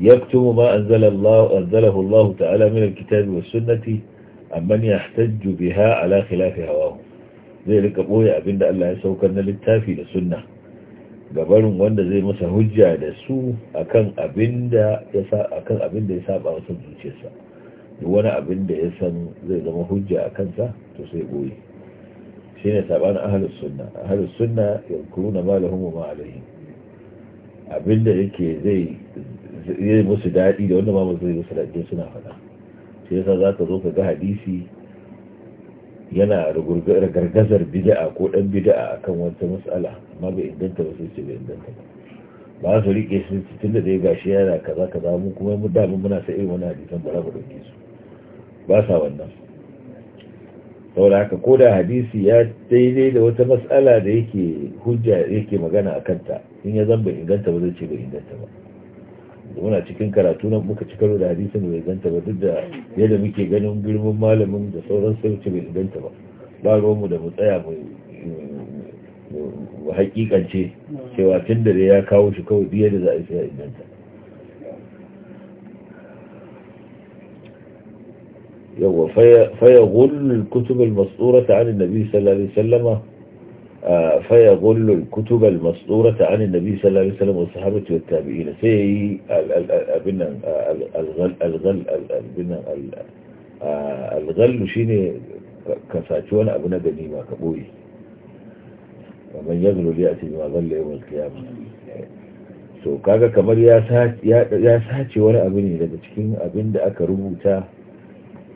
يكتم ما أنزل الله أنزله الله تعالى من الكتاب والسنة أمن يحتج بها zai rika boye abinda Allah ya sauka na littafi da sunna gabarin wanda zai masa hujja da su akan abinda ya sa akan abinda ya saba zuciyarsa duk wani abinda ya san zai zama hujja a kansa to sai boye shine saban ahlus sunna ahlus sunna yankuruna ma lahum ma alaihim abinda yake zai yi musu daɗi da wanda ma ba zai musu daɗi suna faɗa sai yasa za ka zo ka ga hadisi yana gargazar bida'a ko dan a akan wata mas'ala amma bai inganta ba sai ce bai inganta ba ba su riƙe su tun da ya gashi yana kaza kaza mu kuma mu da muna sa irin wani hadisan ba mu dauke su ba sa wannan saboda haka ko da hadisi ya daidai da wata mas'ala da yake hujja yake magana a kanta in ya zan bai inganta ba zai ce bai inganta ba muna cikin karatu na muka ci karo da hadisin bai ganta ba duk da yadda muke ganin girman malamin da sauran sauci wuce bai ba ba mu da mu tsaya mu hakikance cewa tun da ya kawo shi kawai biye da za a isa sai ya yawa faya kutubin kutubul mas'urata an annabi sallallahu alaihi wasallama faya gullul kutubal masdurata an annabi sallallahu alaihi wasallam wa sai abin nan alghal shine ka saci abu na ganima ka boye kamar yazlu li ati ma zalla yawm to kaga kamar ya sace wani abu ne daga cikin abin da aka rubuta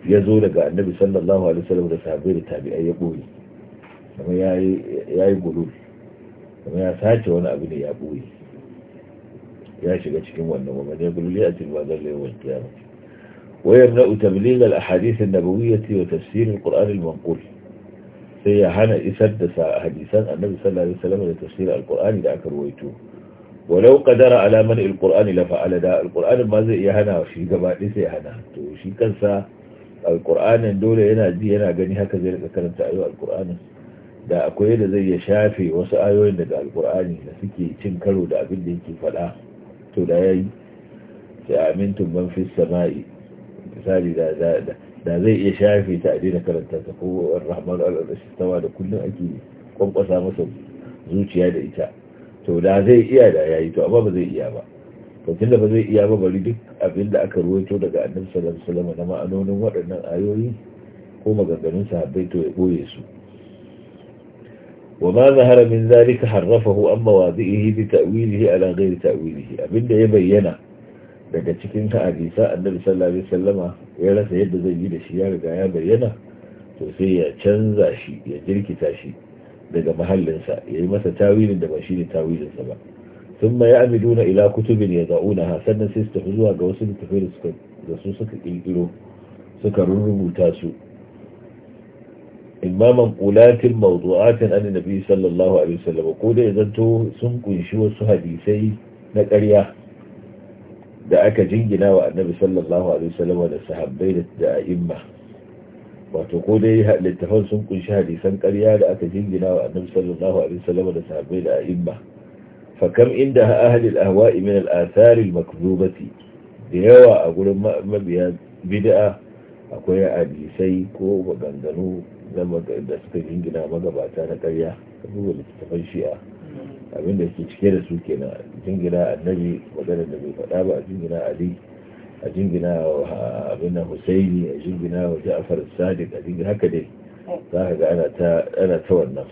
ya zo daga annabi sallallahu alaihi wasallam da sahabbai da tabi'ai ya boye kamar ya yi gudu kamar ya sace wani abu ne ya buye ya shiga cikin wannan wani gululi a cikin wazar laiwar kiyama wayar na utamilin da hadisin da bugu ya ciwa tafsirin ƙur'an ilmankul sai ya hana isar da hadisan annabi sallallahu alaihi wasallam da tafsirin alƙur'an da aka ruwaito. walau kadara alaman alƙur'an la fa'ala da alƙur'an ba zai iya hana shi gaba sai ya hana to shi kansa alƙur'anin dole yana ji yana gani haka zai rika karanta ayo alƙur'anin da akwai yadda zai ya shafe wasu ayoyin daga alkur'ani da suke cin karo da abin da yake faɗa to da ya yi sai ban fi sama'i misali da zai iya shafe ta a daina karanta ta ko rahman al'adashi da kullum ake kwankwasa masa zuciya da ita to da zai iya da ya yi to amma ba zai iya ba to tunda ba zai iya ba bari duk abin da aka ruwaito daga annabi sallallahu alaihi wasallam na ma'anonin waɗannan ayoyi ko maganganun sahabbai to ya boye su وما ظهر من ذلك حرفه عن مواضعه بتأويله على غير تأويله أبدا bayyana daga cikin hadisa annabi sallallahu alaihi wasallama ya rasa yadda zai yi da shi ya riga ya bayyana to sai ya canza shi ya jirkita shi daga mahallinsa ya yi masa tawilin da ba shi ne tawilinsa ba sun ma ya amiduna ila kutubin ya za'una ha sannan sai su tafi zuwa ga wasu littafai da su suka kirkiro suka rubuta su imma Kulatin mawdu'atin an nabi sallallahu alaihi wasallam ko dai zanto sun kunshi wasu hadisai na ƙarya da aka jingina wa annabi sallallahu alaihi wasallam da sahabbai da a'imma wato ko dai littafan sun kunshi hadisan ƙarya da aka jingina wa annabi sallallahu alaihi wasallam da sahabbai da a'imma fa kam inda ahli al-ahwa'i min al-athar al-makdhubati da yawa a gurin mabiya bid'a akwai hadisai ko maganganu da suka jingina magabata na karya ka duba littattafan shi'a abinda suke cike da su kenan jingina annabi magana da bai faɗa ba a jingina ali a jingina abinda husaini a jingina wa ja'afar sadiq a jingina haka dai za ka ga ana ta wannan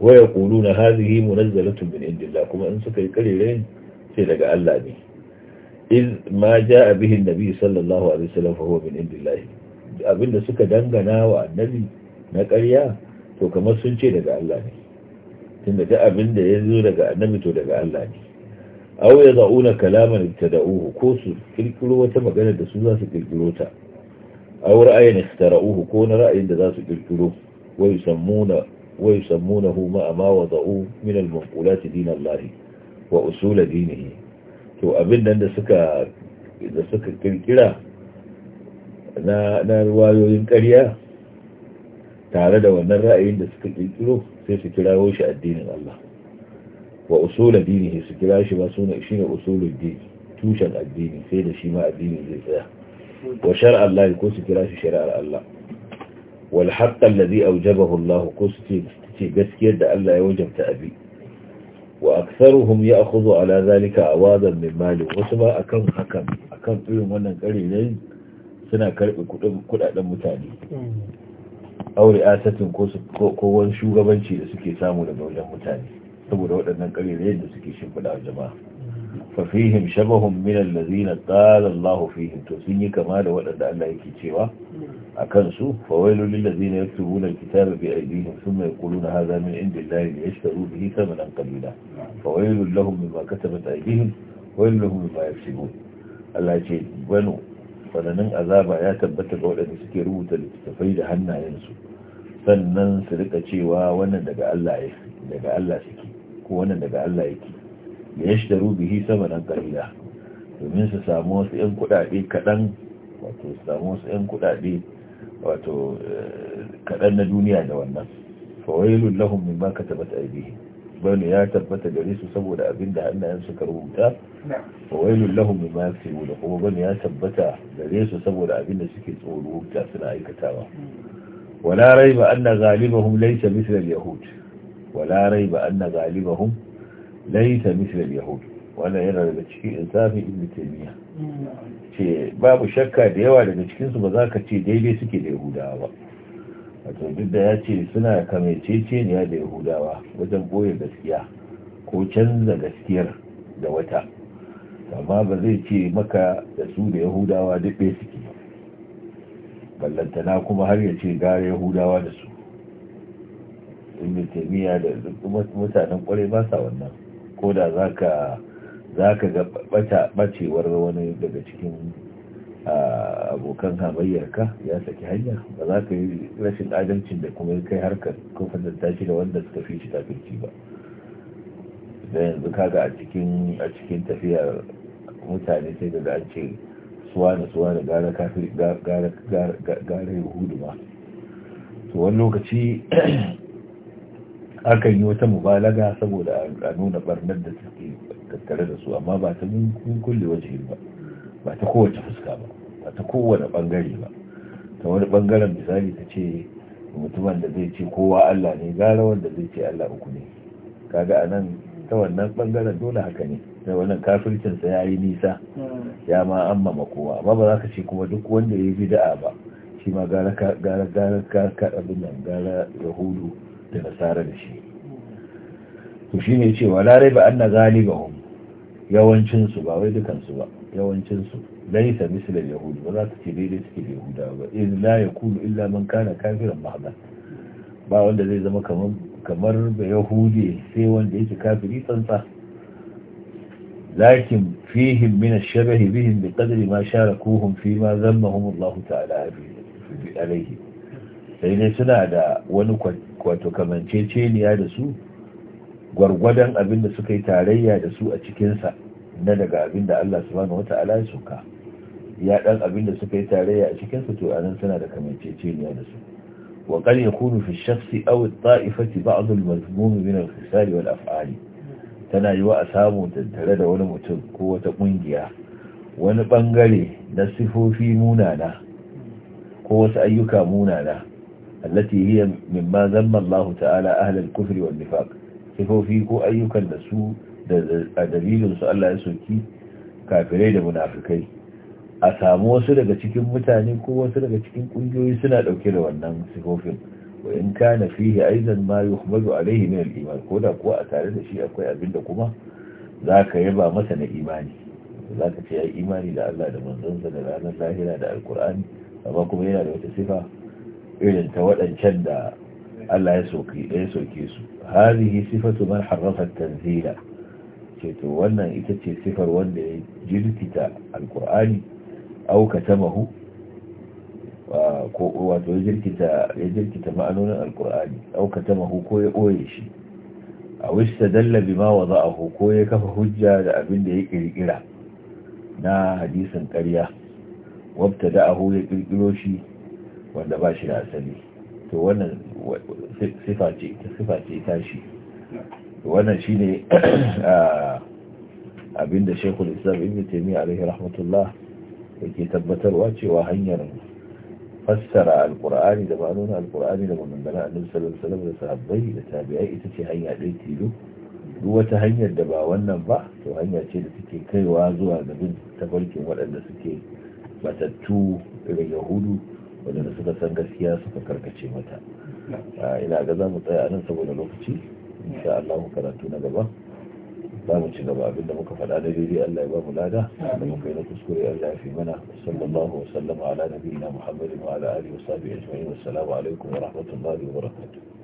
waya kulu na hazihi munazzalatun min indillah kuma in suka yi karere sai daga Allah ne iz ma ja'a bihin nabi sallallahu alaihi wasallam fa huwa min indillah abin da suka dangana wa annabi na ƙarya to kamar sun ce daga Allah ne tunda duk abinda ya zo daga annabi to daga Allah ne aw ya kalaman ibtada'uhu ko su kirkiro wata magana da su za su kirkiro ta aw ra'ayin istara'uhu ko na ra'ayin da za su kirkiro wa yusammuna wa yusammunahu ma ma wada'u min al-manqulat din Allah wa usul dinihi to abin nan da suka da suka kirkira na ruwayoyin ƙarya tare da wannan ra'ayin da suka ƙirƙiro sai su kira shi addinin Allah wa usulun dini su kira shi ba suna shi ne usulun dini tushen addini sai da shi ma addini zai tsaya wa shar'ar Allah ko su kira shi shari'ar Allah wal haqqal ladhi awjabahu Allah ko su ce gaskiyar da Allah ya wajabta abi wa aktharuhum ya'khudhu ala zalika awadan min mali wasu ba akan hakan akan irin wannan ƙarin suna karɓe kudaden mutane aure asatin ko wani shugabanci da suke samu daga wajen mutane saboda waɗannan ƙarerayen da suke shimfiɗa a jama'a fafihim shabahun minan lazina tsala Allah fihim to sun yi kama da waɗanda Allah yake cewa a kansu fawailun lillazina yaktubuna alkitaba bi aydihim thumma yaquluna hadha min indillahi liyashtaru bihi thamanan qalila fawailun lahum mimma katabat aydihim wa lahum mimma yaksibun Allah ce banu tsananin azaba ya tabbata ga waɗanda suke rubuta littattafai da hannayensu sannan su rika cewa wannan daga Allah ya daga Allah suke ko wannan daga Allah yake da ya shi da rubihi sama nan kalila domin su samu wasu 'yan kuɗaɗe kaɗan wato su samu wasu 'yan kuɗaɗe wato eh, kaɗan na duniya da wannan fawailun lahum mimma katabat aydihim bane ya tabbata gare su saboda abin da hannayen suka rubuta wa wailul lahum mimma yaksubun kuma bane ya tabbata gare su saboda abin da suke tsoruta suna aikatawa wala raiba anna ghalibahum laysa mithla al-yahud wala raiba anna ghalibahum laysa mithla al-yahud wannan yana daga cikin insafi ibn taymiya ce babu shakka da yawa daga cikin su ba za ka ce daidai suke da yahudawa ba wato duk da ya ce suna kamaiceceniya da yahudawa wajen ɓoye gaskiya ko canza gaskiyar da wata amma ba zai ce maka da su da yahudawa duk ɗaya suke ballantana kuma har ya ce gara yahudawa da su ibn taymiya da mutanen kwarai ba sa wannan ko da za ka ga bacewar wani daga cikin abokan hamayyarka ya saki hanya ba za ka yi rashin adalcin da kuma kai harkar ko da shi da wanda suka fi shi kafirci ba da yanzu kaga a cikin a cikin tafiyar mutane sai daga an ce suwa da suwa da gara kafir gara gara yahudu ba to wani lokaci akan yi wata mubalaga saboda a nuna barnar da suke tattare da su amma ba ta mun kulle wajen ba ba ta kowace fuska ba ba ta kowane bangare ba ta wani bangaren misali ta ce mutumin da zai ce kowa Allah ne gara wanda zai ce Allah uku ne kaga anan ta wannan bangaren dole haka ne da wannan kafircin sa yayi nisa hmm. ya ma amma ma kowa amma ba za ka ce kuma duk wanda yayi bid'a ba shi ma gara gara gara ka ka abin gara yahudu da nasara da shi to shine cewa la ba anna ghalibahum yawancin su ba wai dukansu ba yawancinsu laisa misalar yahudu ba za ta ce daidai suke da Yahuda ba in la ya kulu illa man kana kafiran mahdan ba wanda zai zama kamar kamar da yahudi sai wanda yake kafiri tsantsa lakin fihim min ash-shabahi bihim bi qadri ma sharakuhum fi ma zammahum Allah ta'ala bi alayhi sai dai suna da wani kwato kamanceceniya da su gwargwadon abin da suka yi tarayya da su a cikinsa na daga abin da Allah subhanahu wata'ala ya suka ya dan abin da suka yi tarayya a cikin su to anan suna da kamanceceniya da su wa qad yakunu fi ash-shakhsi aw at-ta'ifati ba'd al-mazmum min al-khisal wal af'ali tana yiwa a samu tattare da wani mutum ko wata kungiya wani bangare na sifofi munana ko wasu ayyuka munana allati hiya mimma zamma Allah ta'ala ahlal kufri wan nifaq sifofi ko ayyukan da su a dalilinsu Allah ya soki kafirai da munafikai a samu wasu daga cikin mutane ko wasu daga cikin kungiyoyi suna dauke da wannan sifofin wa in kana fihi aidan ma yuhmadu alaihi min al-iman ko da kuwa a tare da shi akwai abin da kuma zaka yaba masa na imani zaka ce ai imani da Allah da sa da ranar lahira da alqur'ani amma kuma yana da wata sifa irin ta wadancan da Allah ya soki ya soke su hadhihi sifatu man harrafa tanzila ce wannan ita ce sifar wanda ya jirkita alkur'ani auka mahu wato ya jirkita ma'anonin alkur'ani auka mahu ko ya ɓoye shi a wista dallabi ma wa za'ahu ko ya kafa hujja da abin da ya ƙirƙira na hadisan ƙarya wabta da'ahu ya ƙirƙiro shi wanda ba shi da asali to wannan sifa ce ta shi wannan shine ah, abinda shekul islam ibn taimiyya alaihi rahmatullah yake tabbatarwa cewa hanyar fassara alkur'ani da ma'anonin alkur'ani da maganganun annabi sallallahu alaihi da sahabbai da tabi'ai ita ce hanya ɗaya tilo duk wata hanyar da ba wannan ba to hanya ce da suke kaiwa zuwa gabin bin tafarkin waɗanda suke matattu irin yahudu waɗanda suka san gaskiya suka karkace mata ah, ina ga za mu tsaya a nan saboda lokaci insha Allah karatu na gaba za mu ci gaba abinda muka faɗa da daidai Allah ya ba mu lada da muka yi na kuskure Allah ya fi mana sallallahu wa sallama ala nabiyina Muhammadin wa ala alihi wa sahbihi ajma'in wassalamu alaikum wa rahmatullahi wa barakatuh